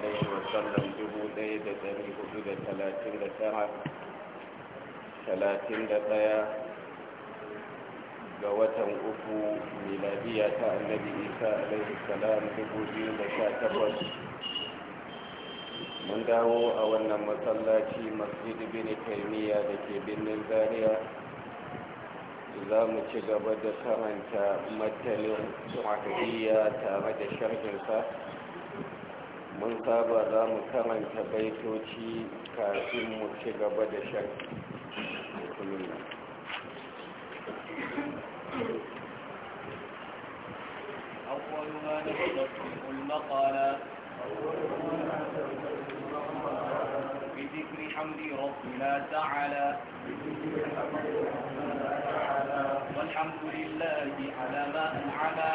عليه وسلم dubu ɗaya da ɗari hudu da talatin da tara talatin da ɗaya ga watan uku miladiya ta annabi isa alaihi salam dubu biyu da sha takwas mun dawo a wannan masallaci birnin zaria za mu ci gaba da karanta matalin su'adiyya tare da sharhinsa mun saba za mu karanta baitoci kafin mu ci gaba da shan kuma بذكر حمد ربنا تعالى والحمد لله على ما أنعمى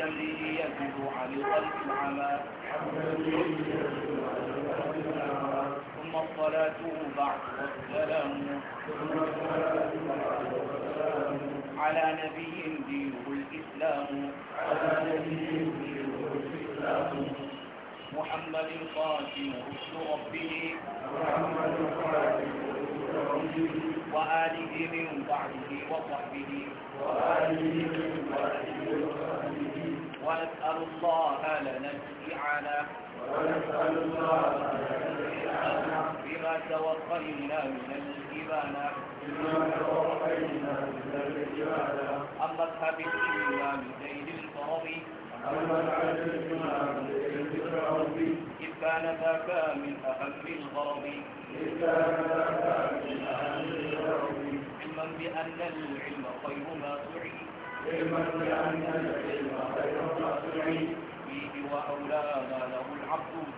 حمدا به يزيد عن القلب العمى ثم الصلاة بعد والسلام على نبي دينه الإسلام محمد القاسم رسل ربه محمد وآله من بعده وصحبه وآله من بعده وصحبه ونسأل الله لنا الإعانة ونسأل الله لنا بما توفينا من الإيمان أما أما الدنيا من زيد الفرض إذ كان ذاك من أهم الغرض إذ كان ذاك من أهم الغرض علما بأن العلم خير ما تعين فيه وأولى ما له العبد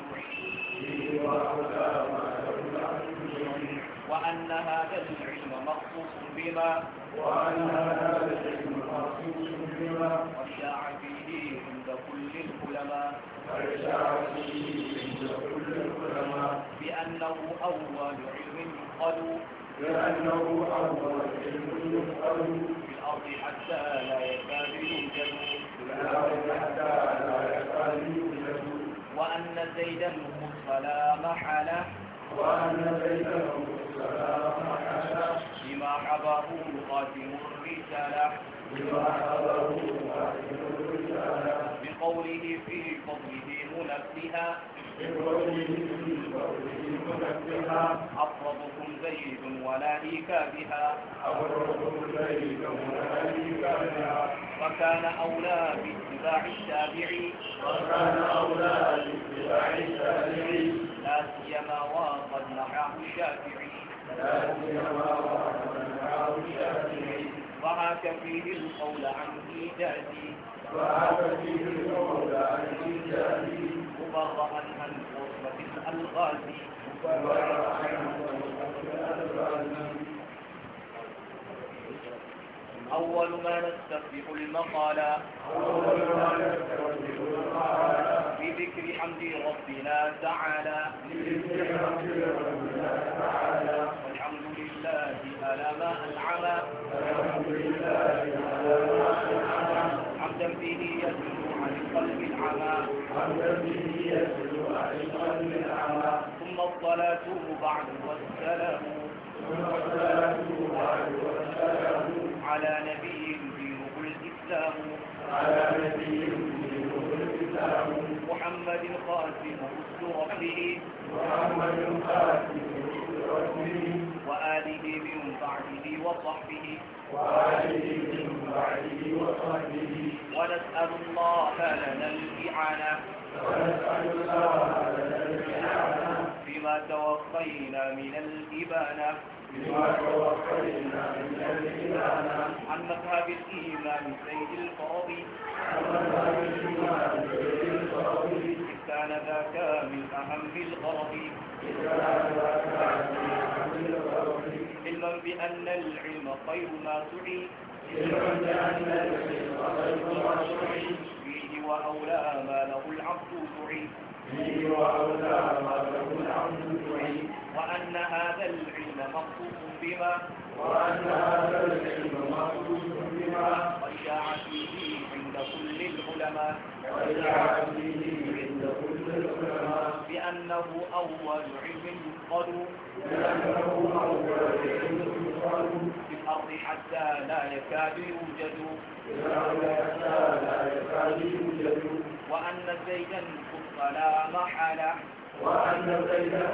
وأن هذا العلم مخصوص بما وأن هذا العلم مخصوص بما وشاع فيه عند كل العلماء وشاع فيه عند كل العلماء بأنه أول علم يقال بأنه أول علم يقال الأرض حتى لا يكاد يوجد وأن زيد المرسل محله وأن زيد المرسل محله بما حباه قاتم الرسالة بما حباه قاتم الرسالة بقوله في فضله فيها أفرضكم زيد ولا إيكابها وكان أولى باتباع الشافعي وكان أولى باتباع الشافعي لا سيما واصل نحاه الشافعي لا سيما واصل نحاه الشافعي وهك فيه القول عن إيجازي فهذا فيه الأولى عن الإنسان مبرأة عن غربة الألغاز مبرأة عن غربة الألغاز أول ما نستفتح المقالة بذكر حمد ربنا تعالى والحمد لله ألم أنعم القلب العمى عن ذنبه يسلو عن القلب العمى ثم الصلاة بعد والسلام ثم الصلاة بعد والسلام على نبي دينه الإسلام على نبي دينه الإسلام محمد خاتم رسل ربه محمد خاتم رسل ربه وآله من بعده وصحبه وآله من بعده وصحبه ونسأل الله لنا الإعانة بما توفينا من الإبانة بما توفينا من الإبانة عن مذهب الإيمان سيد القاضي عن مذهب الإيمان سيد القاضي كان ذاك من أهم الغرض علما بأن العلم خير ما سعي فيه وأولى ما له العبد تعين فيه وأولى ما له العبد تعين وأن هذا العلم مخصوص بما وأن هذا العلم مخصوص بما وشاع فيه عند كل العلماء وشاع فيه عند كل العلماء بأنه أول علم يفقد بأنه أول علم الأرض حتى لا يكاد يوجد وأن زيدا فلا محالة وأن زيدا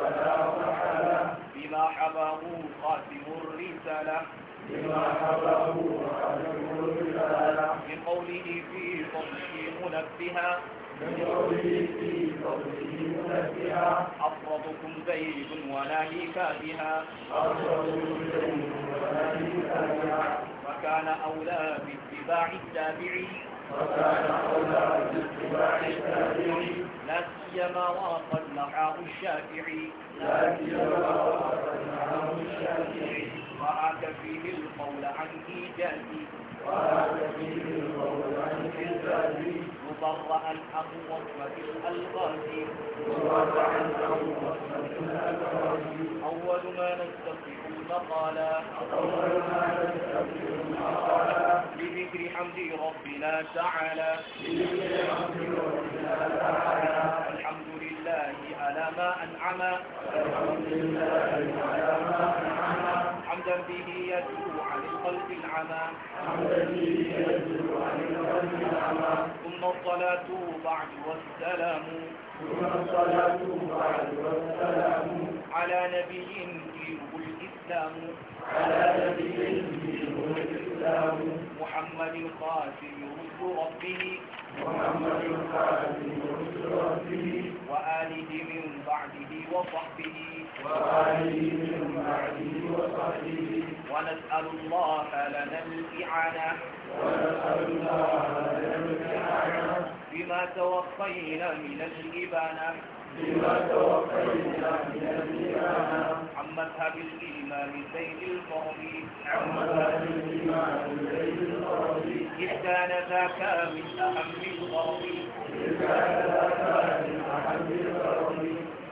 فلا محالة بما حباه قاسم الرسالة بما حبه عن الرسالة بقوله في فضله منبها بقوله في فضله منبها أفرطكم زيد ولا لكافها أفرطكم زيد ولا لكافها فكان أولى باتباع التابعي وكان أولى باتباع التابعي لا سيما وقد نحاه الشافعي لا سيما وقد نحاه الشافعي ورد فيه القول عن إيجازي ورد فيه القول عن إيجازي مبرعا الحق وصفة الألغاز مبرعا الحق وصفة الألغاز أول ما نستطيع مقالا أول ما نستطيع مقالا بذكر حمد ربنا تعالى بذكر حمد ربنا تعالى الحمد لله على ما أنعم الحمد لله على ما أنعم حمدا به يدلو عن القلب العمى ثم الصلاة بعد والسلام ثم الصلاة بعد والسلام على نبي دينه الإسلام على نبي دينه محمد القاسم رسل ربه محمد القاسم رسل ربه وآله من بعده وصحبه وآله من بعده وصحبه ونسأل الله لنا الإعانة ونسأل الله لنا الإعانة بما توفينا من الإبانة بما توفينا الإيمان عم القاضي عم مذهب الإمام زيد القاضي إذ كان ذاك من أهم القاضي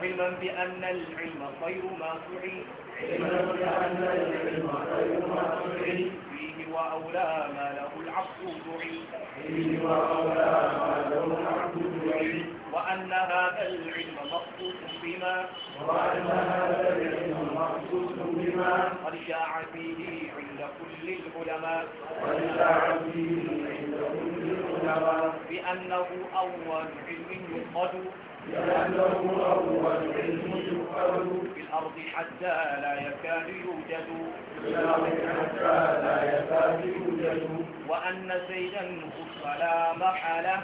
علما بأن العلم خير ما سعي علما بأن العلم خير ما سعي فيه وأولى ما له العبد دعي فيه وأولى ما له العبد دعي وأن هذا العلم مخصوص بما وأن هذا العلم مخصوص بما قد شاع فيه عند كل العلماء قد شاع فيه عند كل العلماء بأنه أول علم يقصد لأنه أول علم يقصد في الأرض حتى لا يكاد يوجد في الأرض حتى لا يكاد يوجد وأن زيدا خص لا محالة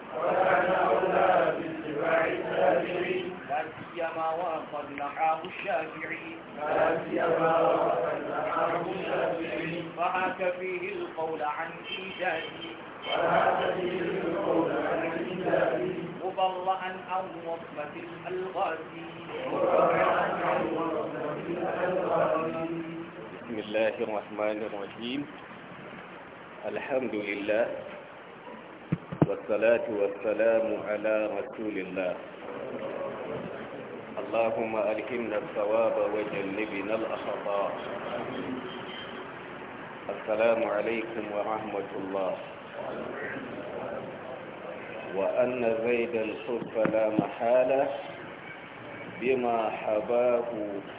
ولا لا سيما وقد نحاه الشافعي سيما وقد الشافعي فيه القول عن إيجادي فحك فيه القول عن إيجادي مبرعا عن وصمة الألغاز بسم الله الرحمن الرحيم الحمد لله والصلاة والسلام على رسول الله اللهم ألهمنا الثواب وجنبنا الأخطاء السلام عليكم ورحمة الله وأن زيد الحب لا محالة بما حباه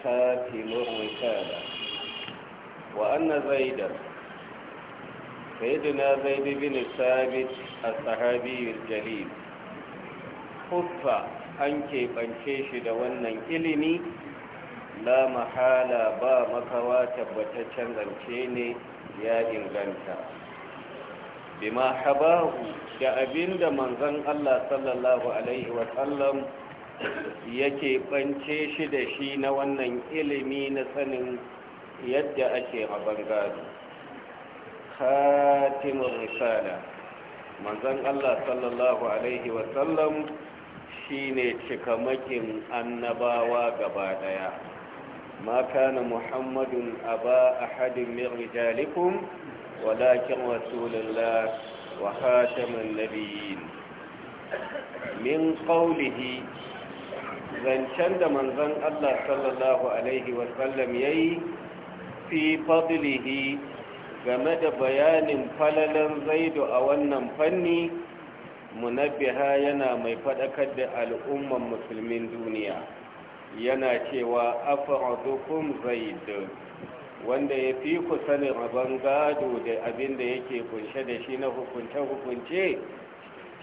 خاتم الرسالة وأن زيدا سيدنا زيد بن ثابت الصحابي الجليل خطة أنكي بنشيش دوانا إلني لا محالة با مكواتب وتشنغنشيني يا إنغانتا بما حباه شعبين دا منزن الله صلى الله عليه وسلم yake bance shi da shi na wannan ilimi na sanin yadda ake a bangare khatimun risala manzon Allah sallallahu alaihi wasallam shine cikamakin annabawa gaba daya ma kana muhammadun aba ahadin min rijalikum walakin rasulullah wa khatamun nabiyyin min qawlihi zancen da manzon Allah sallallahu alaihi wasallam yayi fi fadlihi game da bayanin falalan zaidu a wannan fanni munabbiha yana mai faɗakar da al'umman musulmin duniya yana cewa afa'adukum zaidu wanda ya fi ku sanin rabon gado da abin da yake kunshe da shi na hukunce-hukunce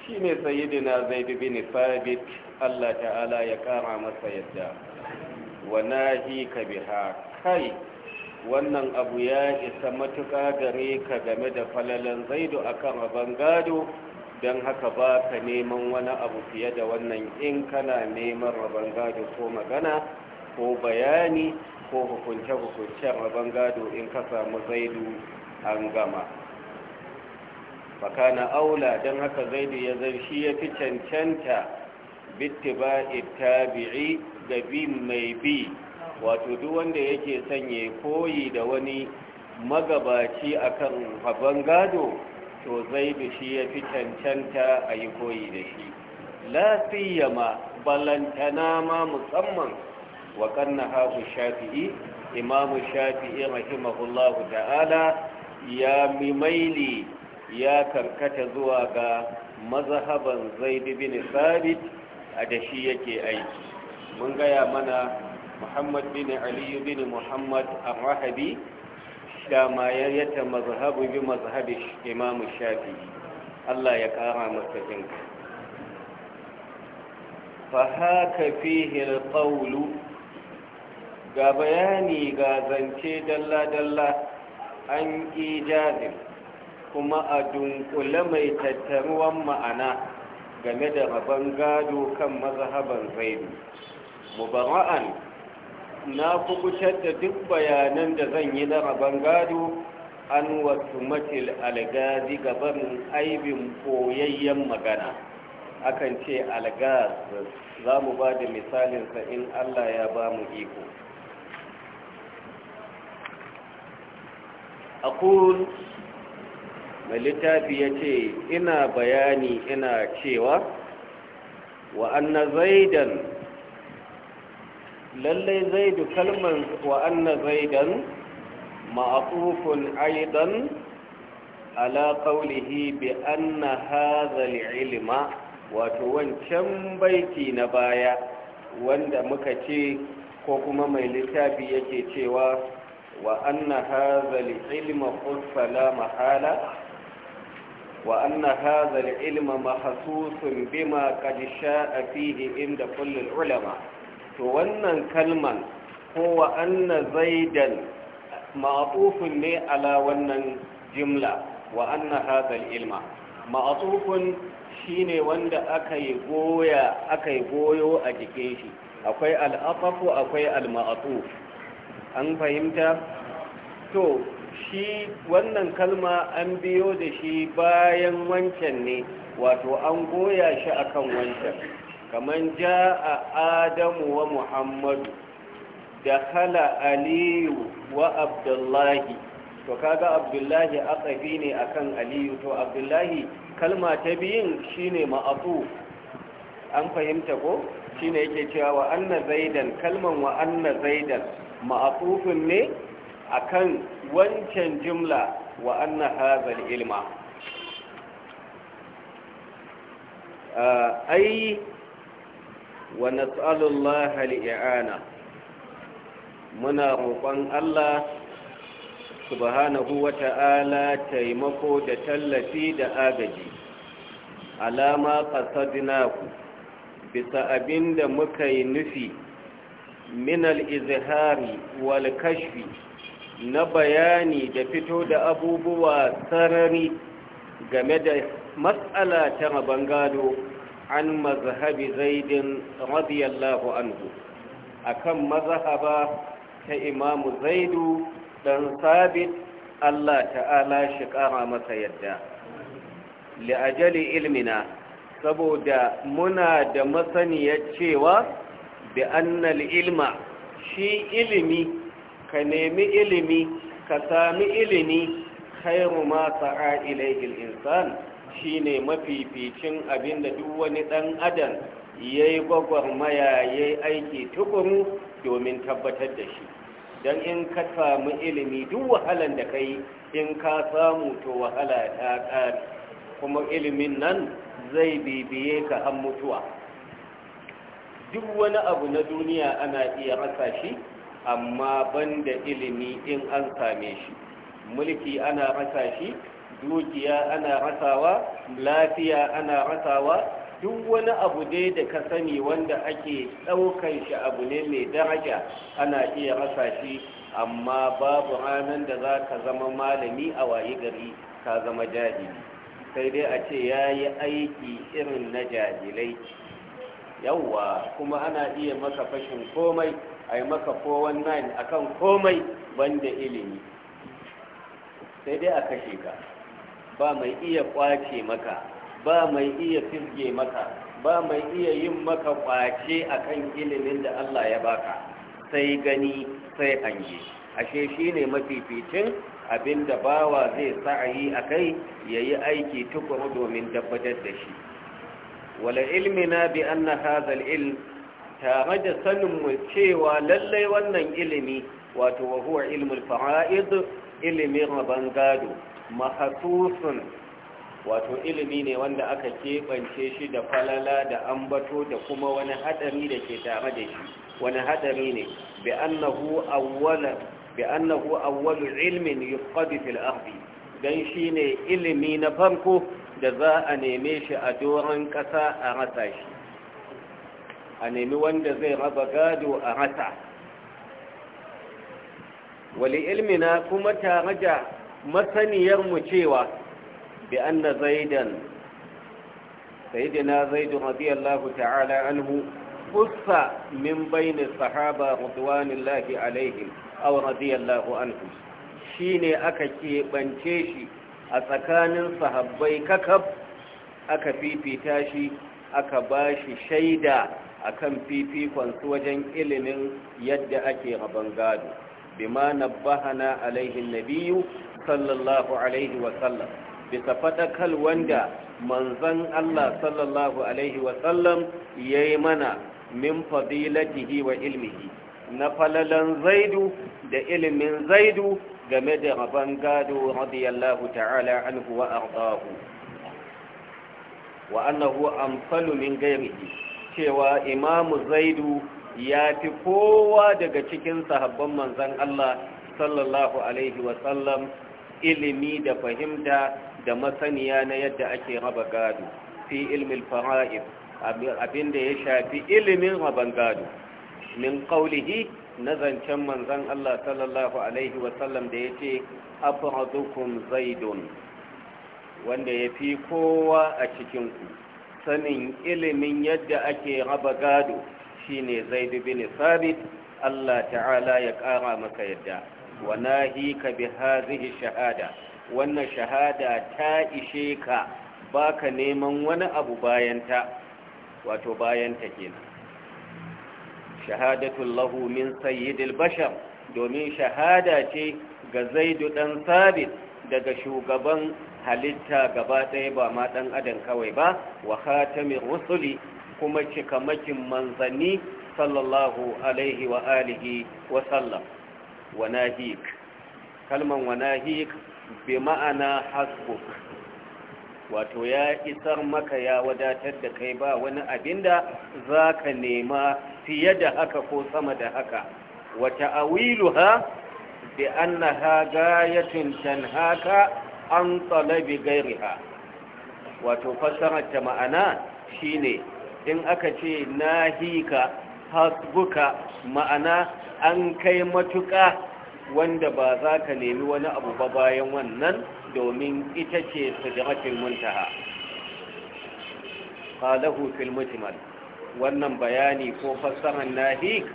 shi ne sayidina zaidu bin sabit allah ta'ala ya kara masa yadda wa nahi ka biha kai wannan abu ya isa matuƙa gare ka game da falalan zaidu akan rabon gado don haka ba ka neman wani abu fiye da wannan in kana neman rabon gado ko magana ko bayani ko hukunce hukunce rabon gado in ka samu zaidu an gama fakana aula don haka zaidu ya zai shi ya fi cancanta bitti ita tabi'i da bi mai bi wato duk wanda yake sanye koyi da wani magabaci akan haban gado to zaidu shi ya fi cancanta a yi koyi da shi la siyama balantana ma musamman wa kanna hafu shafi'i imamu shafi'i rahimahullahu ta'ala ya mimaili ya karkata zuwa ga mazhaban zaid bin sabit a da shi yake aiki mun gaya mana محمد بن علي بن محمد الرهبي كما يتمذهب بمذهب الإمام الشافعي الله يكرم مستجنك فهاك فيه القول ga bayani ga zance dalla dala an ijazin kuma a dunkule mai tattaruwan ma'ana game da rabon gado kan mazhaban zaidu mubara'an na kubutar da duk bayanan da zan yi na rabon gado an wasu matil algazi gaban aibin koyayyen magana akan ce algaz za mu ba da misalinsa in allah ya ba mu iko Akwai mai littafi ya ce ina bayani ina cewa wa zaidan lallai zai kalman wa anna zaidan ma'atufun aidan ala qawlihi bi anna hadha al wato wancan baiti na baya wanda muka ce ko kuma mai littafi yake cewa wa anna hadha al-ilma mahala wa anna hadha al mahasusun mahsusun bima qad a fiye inda kullum ulama to wannan kalman ko wa anna zaidan ma'atufun ne ala wannan jimla wa anna hadal ilma ma'atufun shine wanda aka yi goya aka goyo a jikin shi akwai al'afafu akwai al-ma'atuf an fahimta to shi wannan kalma an biyo da shi bayan wancan ne wato an goya shi akan wancan kaman ja'a adamu wa muhammadu da hala aliyu wa abdullahi to kaga abdullahi akafi ne akan aliyu to abdullahi kalma ta biyun shine ma'afu an fahimta ko shine yake cewa wa anna zaidan kalman wa anna zaidan ne akan wancan jumla wa anna hazal ilma ah, ai wa nas'alullah al'i'ana muna roƙon Allah subhanahu wa taimako da tallafi da agaji alama qasadnaku bisa abinda muka yi nufi minal al-izhari wal kashfi na bayani da fito da abubuwa sarari game da matsala ta bangado an mazhabi zaidin radiyallahu anhu akan mazhaba ta imamu zaidu dan sabit Allah ta'ala shi kara masa yadda li'ajali ilmina saboda muna da masaniyar cewa bi annal ilma shi ilimi ka nemi ilimi ka sami ilimi khairu ma sa'a ilayhi al-insan shine mafificin abinda duk wani dan adam yayi gwagwarmaya yayi aiki tukuru domin tabbatar da shi dan in ka samu ilimi duk wahalan da kai in ka samu to wahala ta ƙare kuma ilimin nan zai bibiye ka har mutuwa duk wani abu na duniya ana iya rasa shi amma banda ilimi in an same shi mulki ana rasa shi dukiya ana rasawa lafiya ana rasawa duk wani abu dai da ka sani wanda ake ɗaukan shi abu ne mai daraja ana iya rasa shi amma babu ranar da za ka zama malami a wayi gari ka zama jahili sai dai a ce ya yi aiki irin na jahilai yawwa kuma ana iya maka fashin komai ai maka kowanne 419 akan komai banda ilimi sai dai a kashe ka ba mai iya kwace maka ba mai iya firge maka ba mai iya yin maka kwace akan ilimin da Allah ya baka sai gani sai hange ashe shi shine mafificin da bawa zai sa'ayi akai yi aiki tukuru domin dabbatar da shi wala ilmina bi anna hadha al-ilm tare da sanin mu cewa lallai wannan ilimi wato wa huwa ilmul fara'id ilimin rabon gado mahasusun wato ilimi ne wanda aka keɓance shi da falala da ambato da kuma wani hadari da ke tare da shi wani hadari ne bi annahu awwala awwalu ilmin yuqadi fil ardi dan shine ilimi na farko da za a neme shi a doron ƙasa a rasa shi a nemi wanda zai raba gado a rasa wali ilmina kuma tare da masaniyarmu cewa bi anna zaidan Saidina zaidu radiyallahu ta'ala anhu fussa min sahaba radwanullahi alaihim aw radiyallahu anhu shine aka keɓance shi a tsakanin sahabbai kakab aka fifita shi aka ba shi shaida akan fifikon su wajen ilimin yadda ake rabon gado bima bahana alaihi nabiyu sallallahu alaihi wasallam bisa faɗakal wanda manzan Allah sallallahu alaihi wasallam ya yi mana min fadilatihi wa ilmihi na falalan zaidu da ilimin zaidu game da rabon gado radiyallahu ta'ala anhu wa ardahu wa annahu amsalu min gairihi cewa imamu zaidu ya fi kowa daga cikin sahabban manzan Allah sallallahu alaihi wasallam ilimi da fahimta da masaniya na yadda ake raba gado fi ilmin fara'id abinda ya shafi ilimin raban gado min kaulihi na zancen manzan Allah sallallahu alaihi wasallam da ya ce afradukum zaidun wanda ya fi kowa a cikinku sanin ilimin yadda ake raba gado shine zaidu bin sabit Allah ta'ala ya kara maka yadda wa nahika bi hadhihi shahada wannan shahada ta ishe ka baka neman wani abu bayan ta wato bayan ta kenan shahadatul lahu min sayyidil bashar domin shahada ce ga zaidu dan sabit daga shugaban halitta gaba ɗaya ba ma ɗan adam kawai ba wa khatamin rusuli kuma cikamakin manzanni sallallahu alaihi wa alihi wa sallam wa nahik kalman wa nahik bi ma'ana hasbuk wato ya isar maka ya wadatar da kai ba wani abinda zaka nema fiye da haka ko sama da haka wata awiluha bi annaha gayatun tanhaka an talabi gairiha wato fassarar ta ma'ana shine in aka ce nahika hasbuka ma'ana an kai matuka, wanda ba za ka nemi wani abu ba bayan wannan domin ita ce sidratul muntaha qalahu fil mujmal wannan bayani ko fassarar nahik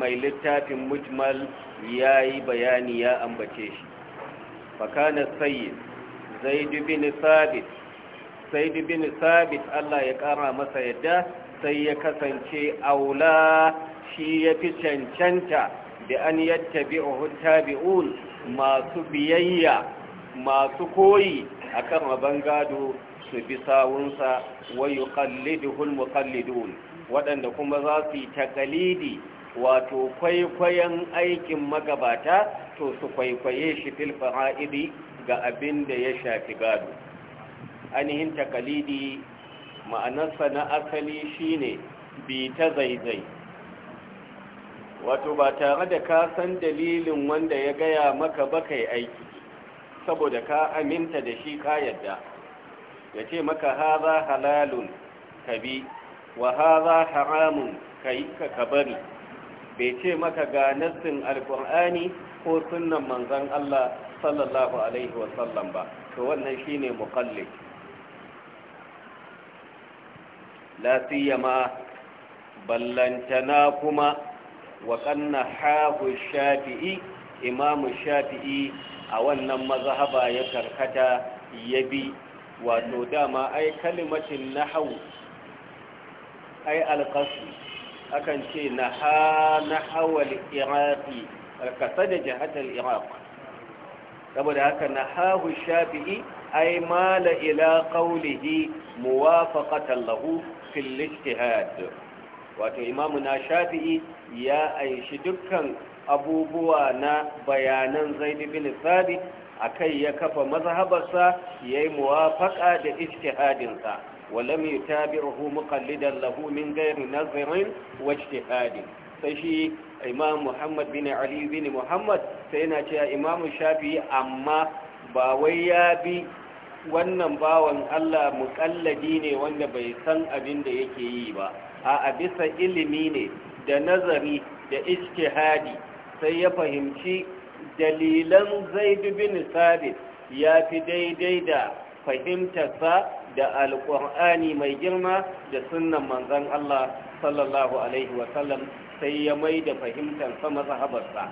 mai littafin mujmal yayi bayani ya ambace shi fakana sayyid zaid bin sabit bin sabit Allah ya kara masa yadda sai ya kasance aula shi ya fi cancanta da an yattabi'uhu tabi'un masu biyayya masu koyi akan rabon gado su bi sawunsa wa yuqalliduhu almuqallidun waɗanda kuma za su yi takalidi wato kwaikwayon aikin magabata Wato su kwaikwaye shi fil fara'idi ga abin da ya shafi gado ainihin takalidi ma'anarsa na asali shine bi ta zaizai wato ba tare da ka san dalilin wanda ya gaya maka ba kai aiki saboda ka aminta da shi ka yadda ya ce maka haza halalun ka bi wa haza haramun ka yi ka bari bai ce maka ga nassin alkur'ani ko sunnan manzon Allah sallallahu alaihi wasallam ba to wannan shine muqallid la siyama ballantana kuma wa kanna hahu shafi'i imamu shafi'i a wannan mazhaba ya karkata yabi wato dama ai kalimatin nahwu ai alqasd akan ce na irafi na iraki da jihatar iraq saboda haka na hahu shafi'i ai mala ila qawlihi muwafaqatan lahu fil ijtihad wato imamu na shafi'i ya aishi dukkan abubuwa na bayanan zaid bin a akai ya kafa mazhabarsa yayi muwafaƙa da ijtihadinsa ولم يتابعه مقلدا له من غير نظر واجتهاد فشي إمام محمد بن علي بن محمد سينا جاء إمام الشافعي أما باويا بي wannan bawan Allah mukalladi ne wanda bai san abin da yake yi ba a bisa ilimi ne da nazari da ijtihadi sai ya fahimci dalilan Zaid bin Sabit ya fi daidai da fahimtarsa da alƙur'ani mai girma da sunnan manzon Allah sallallahu alaihi wasallam sai ya mai da fahimtar sa mazhabarsa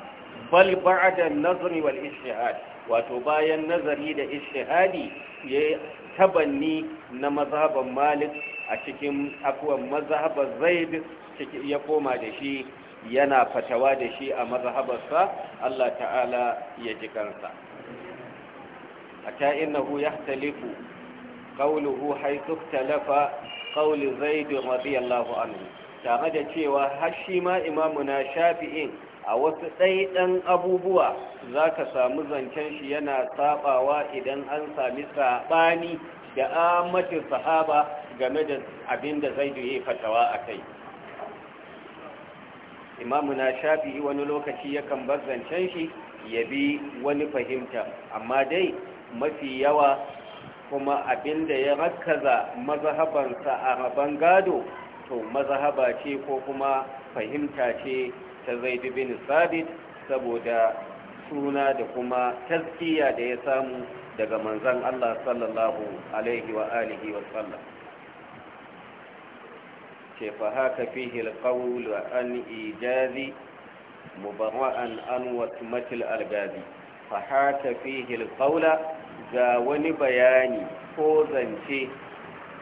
bal ba'da nazari wal ishtihad wato bayan nazari da ishtihadi ya tabanni na mazhaban Malik a cikin akwai mazhabar Zaid ya koma da shi yana fatawa da shi a mazhabarsa Allah ta'ala ya ji kansa hatta innahu yahtalifu قوله حيث اختلف قول زيد رضي الله tare da cewa har shi ma na shafi'in a wasu ɗaiɗan abubuwa za ka samu zancen shi yana sabawa idan an sami saɓani da amatin sahaba game da abin da ya duye fatawa a kai na shafi'i wani lokaci yakan bar zancen shi ya bi wani fahimta amma dai mafi yawa kuma abinda ya rakaza mazhabansa a rabon gado to mazhaba ce ko kuma fahimta ce ta zaidu bin sabit saboda suna da kuma taskiya da ya samu daga manzan Allah sallallahu alaihi wa alihi wa sallam ce fa haka fihi wa an ijazi mubarra'an an wasmatil algazi fa haka fihi alqawla ga wani bayani ko zance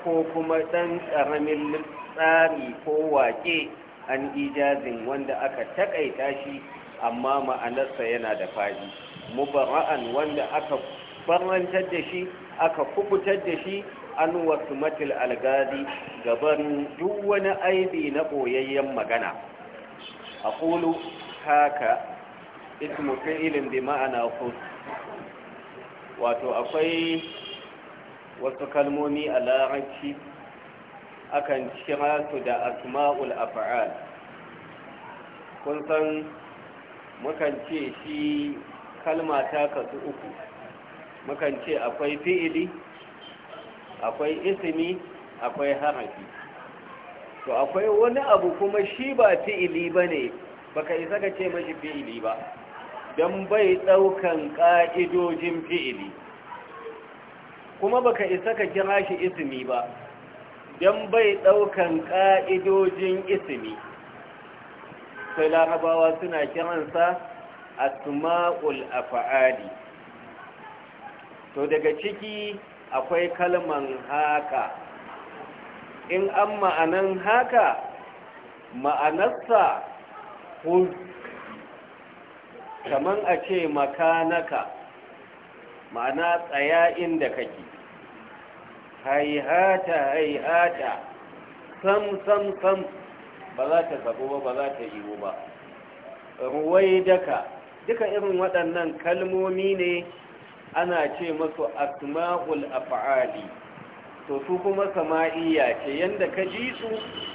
ko kuma ɗan ƙaramin tsari ko waƙe an ijazin wanda aka taƙaita shi amma ma'anarsa yana da fadi mubara'an wanda aka farantar da shi aka kubutar da shi an wasu matil algazi gaban duk wani aibi na ɓoyayyen magana a haka ismu fi'ilin bi ma'ana kusa wato akwai wasu kalmomi a larabci akan kira su da asma'ul afa'al kun san mukan ce shi kalma ta kasu uku mukan ce akwai fi'ili akwai isimi, akwai harafi to akwai wani abu kuma shi ba fi'ili ba ne baka isa ka ce mashi fi'ili ba don bai ɗaukan ƙa'idojin fi'ili kuma baka isa ka kira shi ismi ba don bai ɗaukan ƙa'idojin ismi sai larabawa suna kiransa asma'ul afa'ali to daga ciki akwai kalman haka in an ma'anan haka ma'anarsa kaman a ce makanaka ma'ana tsaya inda kake haihata haihata sam sam sam ba za ta sabo ba ba za ta yiwu ba ruwai daka duka irin waɗannan kalmomi ne ana ce masu asma'ul af'ali to su kuma sama'iyya ce yanda ka ji su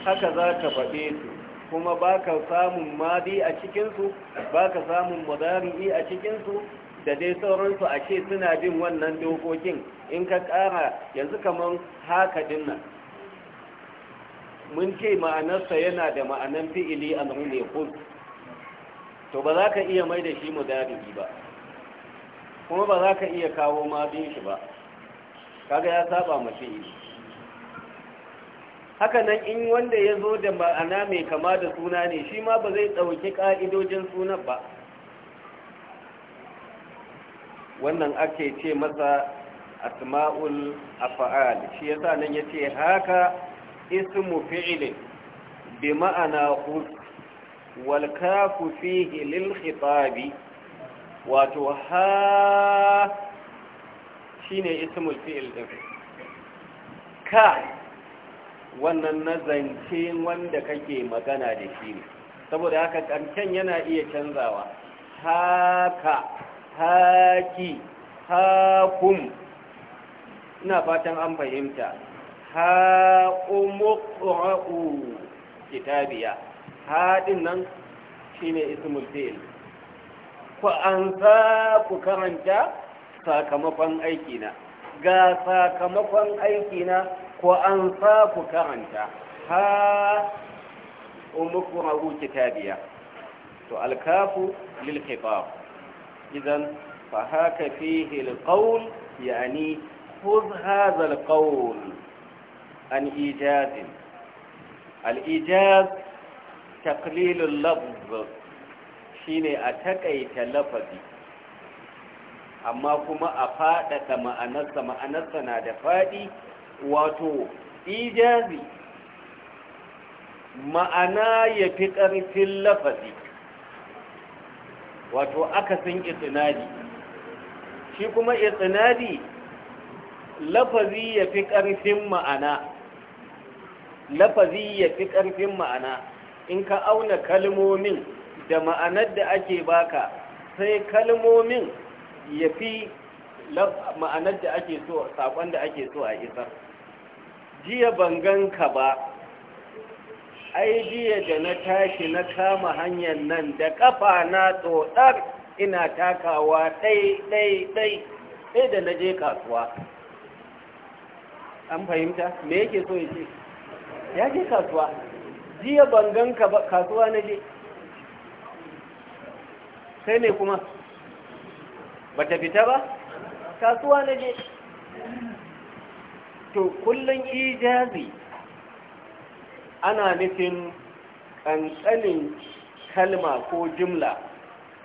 haka za ka faɗe su kuma ba ka samun madi a cikinsu ba ka samun madari a cikinsu da dai sauransu a ce suna bin wannan dokokin in ka ƙara yanzu kamar haka dinnan mun ce ma'anarsa yana da ma'anan fi'ili a nune to ba za ka iya mai da shi madari ba kuma ba za ka iya kawo madin shi ba kaga ya saba ma fi'ili hakanan in wanda ya zo da ma'ana mai kama da suna ne shi ma ba zai ɗauki ƙa'idojin suna ba wannan ake ce masa asma'ul afa'al shi sa nan ce haka ismu fi'ilin bi ma'ana hus walkafu fihi lil khitabi wato ha shine ismul fi'il ɗin ka wannan na zance wanda kake magana da shi ne saboda haka ƙarshen yana iya canzawa haka haki hakum ina fatan an fahimta ha'umuqra'u kitabiya haɗin nan shine ismul fi'il ku ansa ku karanta sakamakon aikina ga sakamakon aikina ko an sa ku karanta ha umuku rahu kitabiya to alkafu lil hifaz idan fa haka fihi al qawl yani khudh hadha al qawl an ijaz al ijaz taqlil al lafz a taƙaita lafazi amma kuma a faɗaɗa ma'anarsa ma'anarsa na da faɗi wato ijazi ma'ana ya fi ƙarfin lafazi wato akasin itsinadi shi kuma itsinadi lafazi ya fi ƙarfin ma'ana lafazi ya fi ƙarfin ma'ana in ka auna kalmomin da ma'anar da ake baka sai kalmomin ya fi ma'anar da ake so saƙon da ake so a isar jiya ban ka ba ai jiya da na tashi na kama hanyar nan da kafa na tsotsar ina takawa ɗai ɗai ɗai ɗai da na je kasuwa an fahimta me yake so ya ce ya je kasuwa jiya ban ka ba kasuwa na je sai ne kuma ba ta fita ba kasuwa na je to kullum ijazi ana nufin ƙanƙanin kalma ko jimla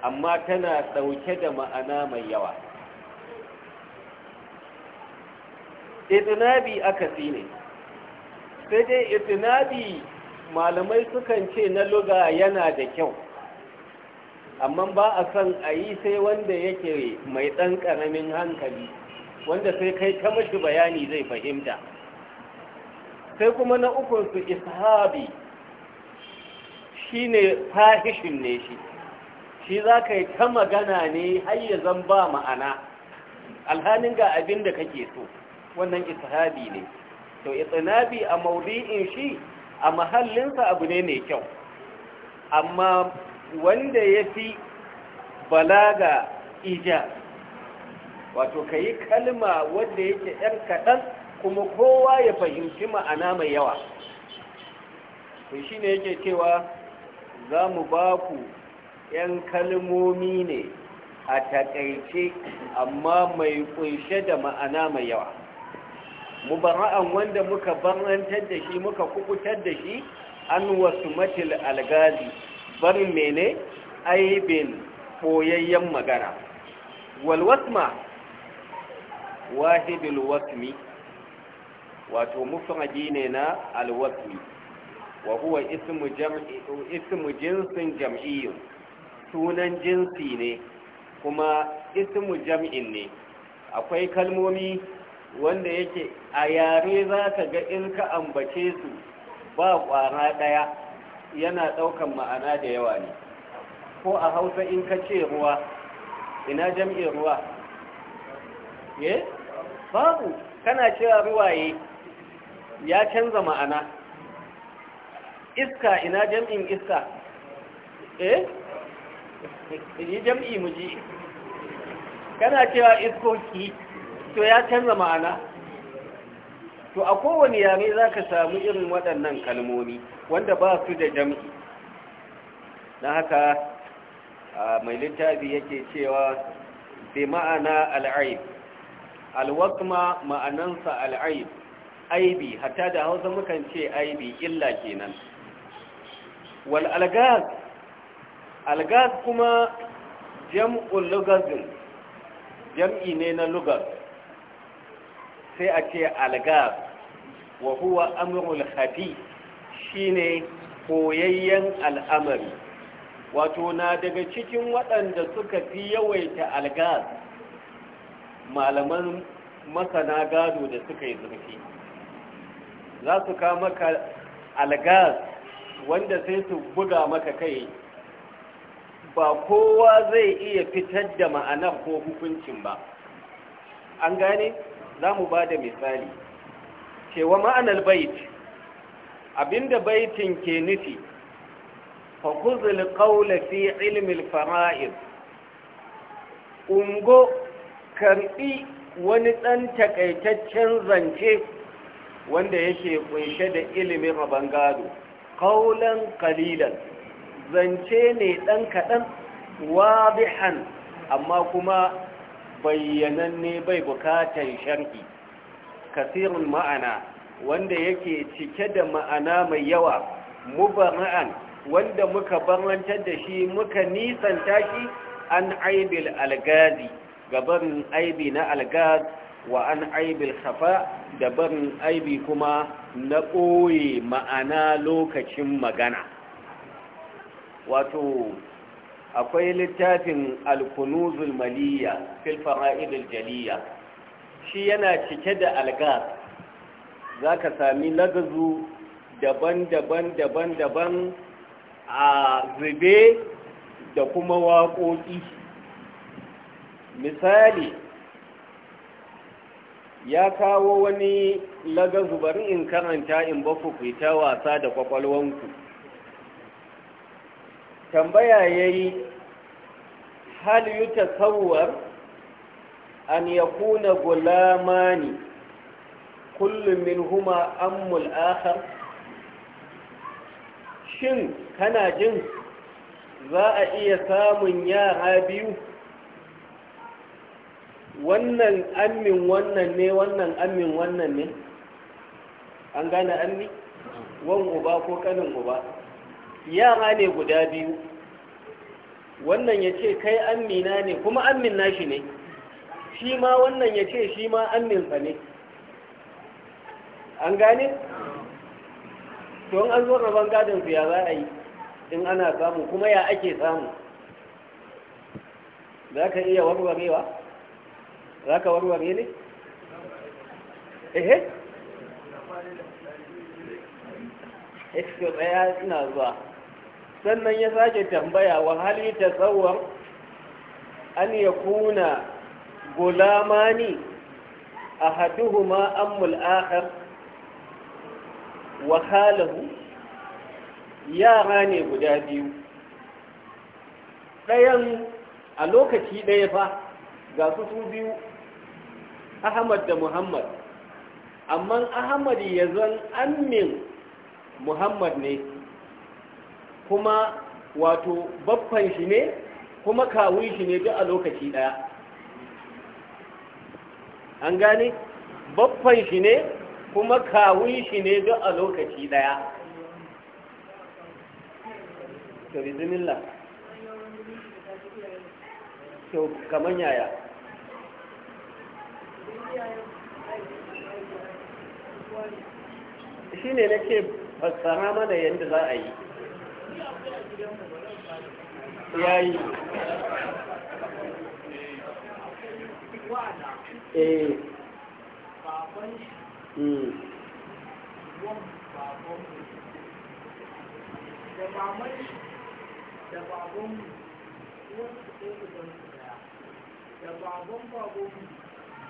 amma tana ɗauke da ma'ana mai yawa itinabi akasi ne sai dai itinabi malamai sukan ce na luga yana da kyau amma ba a son a yi sai wanda yake mai ɗan ƙaramin hankali wanda sai kai ta mashi bayani zai fahimta sai kuma na ukun ukunsu ishabi shi fahishin ne shi shi za ka yi ta magana ne hayyazan ba ma'ana alhanin ga abin da kake so wannan ishabi ne to itsinabi a mauli'in shi a mahallinsa abu ne mai kyau amma wanda ya fi balaga ija wato ka yi kalma wadda yake ‘yar kaɗan kuma kowa ya fahimci ma'ana mai yawa to shi ne yake cewa za mu ba ku ‘yan kalmomi ne a taƙaice amma mai ƙunshe da ma'ana mai yawa mu mubara'an wanda muka barantar da shi muka kukutar da shi an wasu matil algazi barin mene aibin koyayyen magana walwasma wahidul wasmi wato mufradi ne na alwasmi wa huwa ismu jam'i ismu jinsin jam'iyyun sunan jinsi ne kuma ismu jam'in ne akwai kalmomi wanda yake a yare za ka ga in ka ambace su ba kwana daya yana daukan ma'ana da yawa ne ko a hausa in ka ce ruwa ina jam'in ruwa eh babu kana cewa ruwaye ya canza ma'ana iska ina jam'in iska eh yi jam'i mu ji kana cewa iskoki to ya canza ma'ana to a kowane yare za ka samu irin waɗannan kalmomi wanda ba su da jam'i na haka mai littafi yake cewa bi ma'ana al'aib alwakma ma'anansa al'aib aibi hatta da hausa mukan ce aibi illa kenan wal algaz algaz kuma jam'ul lugazin jam'i ne na lugaz sai a ce algaz wa huwa amrul khafi shine koyayyen al'amari wato na daga cikin waɗanda suka fi yawaita algaz malaman masana gado da suka yi zurfi za su ka maka algas wanda sai su buga maka kai ba kowa zai iya fitar da ma'anar ko hukuncin ba an gane za mu ba da misali cewa ma'anar bait abinda baitin ke nufi fakuzul qawla fi ilmi al-fara'id ungo karɓi wani ɗan takaitaccen zance wanda yake kunshe da ilimin rabon gado kaulan kalilan zance ne ɗan kaɗan wabihan amma kuma bayyananne bai bukatan sharhi kasirin ma'ana wanda yake cike da ma'ana mai yawa mubara'an wanda muka barantar da shi muka nisan shi an aibil algazi gabarin aibi na algad wa an aibil khafa da barin aibi kuma na ɓoye ma'ana lokacin magana wato akwai littafin alkunuzul maliya fil fara'idul jaliya shi yana cike da algad za ka sami lagazu daban-daban daban-daban a zube da kuma waƙoƙi misali ya kawo wani lagazu bari in karanta in ba ku fita wasa da kwakwalwanku tambaya ya yi hal yi tasawar an ya kuna gulamani kullum min huma an akhar shin kana jin za a iya samun yara biyu wannan amin wannan ne wannan amin wannan ne an gane Amin? wan uba ko kanin uba yara ne guda biyu wannan ya ce kai amina ne kuma amin nashi ne shi ma wannan ya ce shi ma aminsa ne an gane? don an zo rabon gadon su ya za a yi in ana samu kuma ya ake samu za ka iya warwarewa? za ka warware ne? ehe? ehe tsaya ina zuwa sannan ya sake tambaya wa hali ta tsawon an ya kuna gulamani a haduhu an mul'ahar wa halahu yara ne guda biyu ɗayan a lokaci ɗaya fa ga su su biyu ahmad da muhammad amma ahmad ya zan ammin muhammad ne kuma wato babban shi ne kuma kawun shi ne duk a lokaci daya an gane babban shi ne kuma kawun shi ne duk a lokaci daya to bismillah to kaman yaya shi ne na ke basara mana yadda za a yi ya yi eh da maman da babanmu da baban babanmu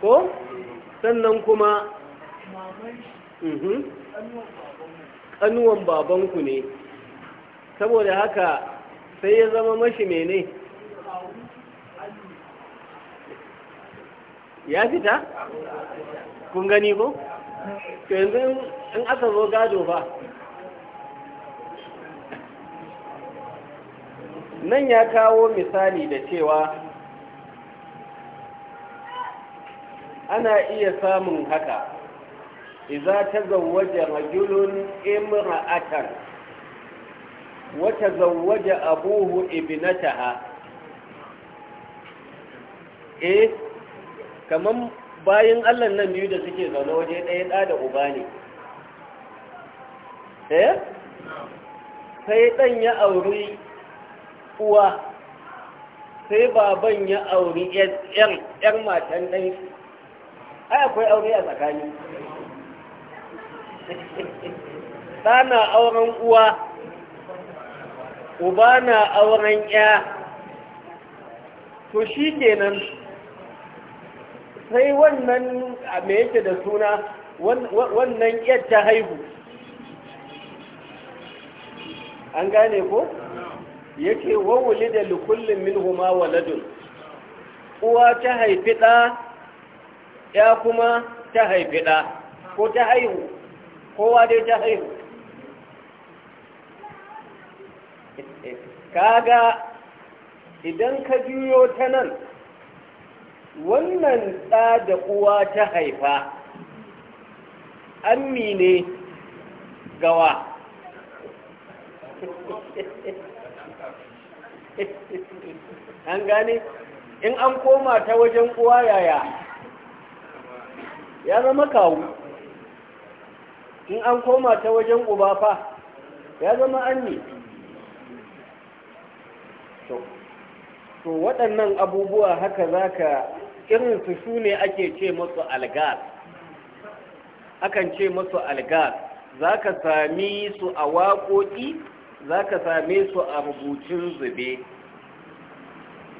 ko sannan kuma mhm, ƙanuwan babanku ne saboda haka sai ya zama mashi mene ya fita? kun gani ko? to yanzu in aka zo gado ba nan ya kawo misali da cewa ana iya samun haka iza ta zawaje rajulun imra'atan wa ta zawaje abuhu ibnataha eh kaman bayan Allah nan biyu da suke zaune waje ɗaya ɗa da uba ne eh sai ɗan ya auri uwa sai baban ya auri 'yar matan ɗan ai akwai aure a tsakani ɗana auren uwa uba na auren ya to shi kenan sai wannan a yake da suna wannan yar ta haihu an gane ko yake wawuli da lukullin min huma waladun uwa ta haifi ɗa ya kuma ta haifi ɗa ko ta haihu kowa dai ta haihu kaga idan ka juyo ta nan wannan ɗa da uwa ta haifa ammi ne gawa an gane in an koma ta wajen uwa yaya ya zama kawu in an koma ta wajen Ubafa ya zama an ne. to waɗannan abubuwa haka ka irin su su ne ake ce masu algar akan ce masu algar za ka sami su a waƙoƙi za ka same su a rubutun zube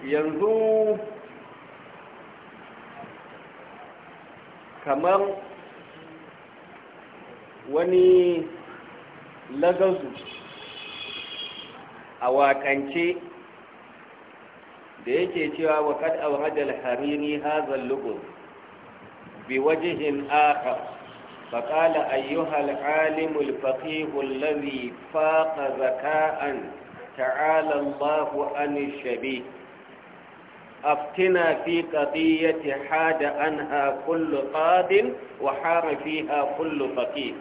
yanzu kamar wani lagazu a waƙance da yake cewa waƙad auhajar hariri hazan lugun bi wajihin aka faƙala ayyuhal alimul faƙihun lalifa ƙazaka'an ta'alallahu an shabi أفتنا في قضية حاد عنها كل قاد وحار فيها كل فقيه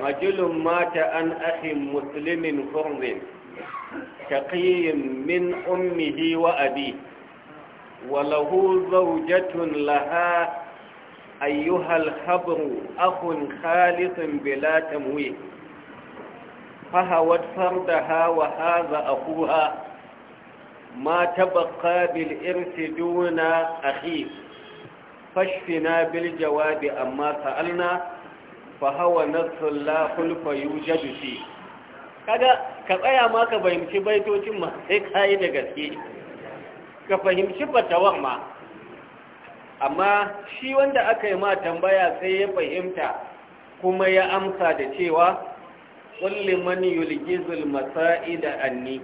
رجل مات عن أخ مسلم فرض شقي من أمه وأبيه وله زوجة لها أيها الخبر أخ خالص بلا تمويه فهوت فردها وهذا أخوها ما تبقى بالإرث دون أخيه فاشفنا بالجواب أما سألنا فهو نص لا خلف يوجد فيه kaga ka tsaya ma ka fahimci baitocin ma sai ka yi da gaske ka fahimci batawan ma amma shi wanda aka yi ma tambaya sai ya fahimta kuma ya amsa da cewa kulli man yulgizul masa'ida anni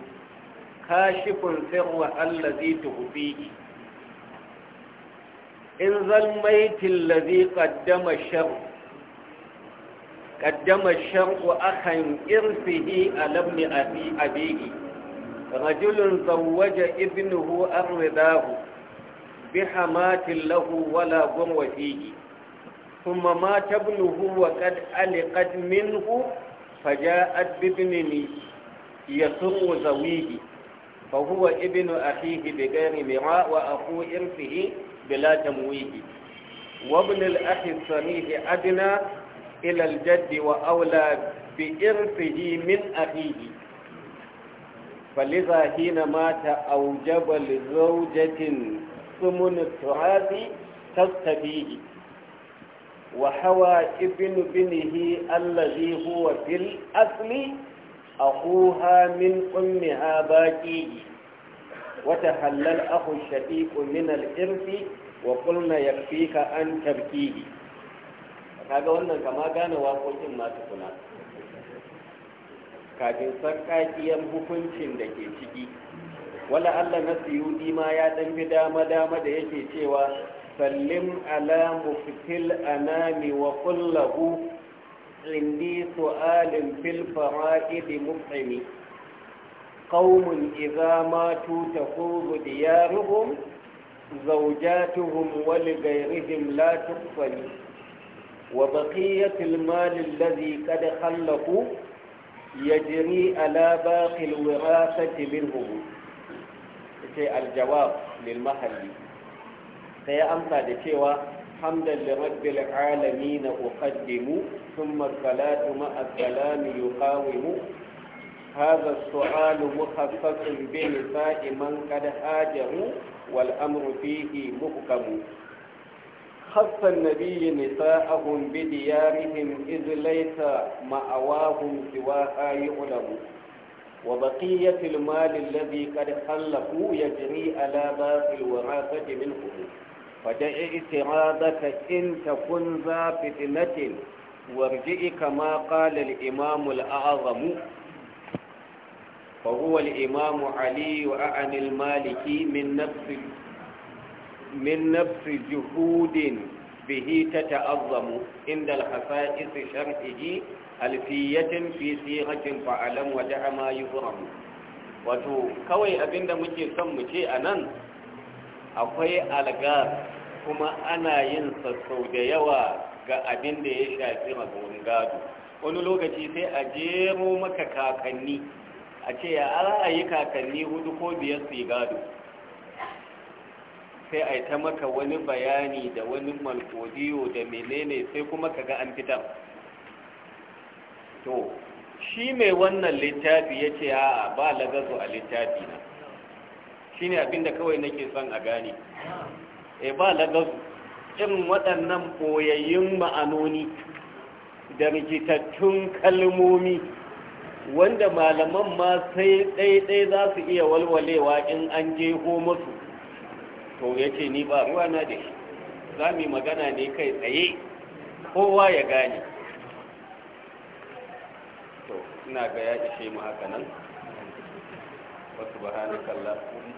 كاشف سر الذي تخفيه إن ظلميت الذي قدم الشر قدم الشر أخا إرثه على ابن أبيه رجل زوج ابنه أرداه بحماة له ولا بر فيه ثم مات ابنه وقد علقت منه فجاءت بابنه يسر زويه فهو ابن أخيه بغير مراء وأخو إرثه بلا تمويه وابن الأخ الصنيه أدنى إلى الجد وأولى بإرثه من أخيه فلذا حين مات أوجب لزوجة ثمن التراث تستفيه وحوى ابن بنه الذي هو في الأصل أخوها من أمها باقي وتحلل الأخ الشقيق من الإرث وقلنا يكفيك أن تبكيه kaga wannan kama gane waƙoƙin masu kuna kafin sarƙaƙiyar hukuncin da ke ciki wala Allah na siyudi ma ya ɗan dama-dama da yake cewa sallim ala mufitil anami wa kullahu عندي سؤال في الفرائض مفعم قوم إذا ماتوا تفوض ديارهم زوجاتهم ولغيرهم لا تقفل وبقية المال الذي قد خلقوا يجري على باقي الوراثة منهم الجواب للمحلي سيأمسى ya حمدا لرب العالمين أقدم ثم الصلاة مع السلام يقاوم هذا السؤال مخفف بنساء من قد هاجر والأمر فيه محكم خص النبي نساءهم بديارهم إذ ليس مأواهم سواها يعلم وبقية المال الذي قد خلفوا يجري على باقي الوراثة منهم فدع اعتراضك إن تكن ذا فتنة وارجئ كما قال الإمام الأعظم فهو الإمام علي وأعن المالكي من نفس من نفس جهود به تتعظم عند الخصائص شرحه ألفية في صيغة فعلم ودع ما يفرم وتو كوي أبن مجي سمجي أنان akwai algar kuma ana yin sassau da yawa ga abin da ya shafi magonin gado wani lokaci sai a jero maka kakanni a ce ya yi kakanni hudu ko biyar su yi gado sai a yi ta maka wani bayani da wani malkodiyo da menene sai kuma ka ga an fitar to shi mai wannan littafi ya ce a ba lagazo a littafi na Shin abin da kawai nake son a gane e ba lagos in waɗannan ɓoyayyun ma'anoni da rikitattun kalmomi wanda malaman ma sai ɗaiɗai za su iya walwalewa in an jeho musu to ya ce ni ba na da shi za mu magana ne kai tsaye kowa ya gane to ina ga ya ishe mu haka nan wasu kalla.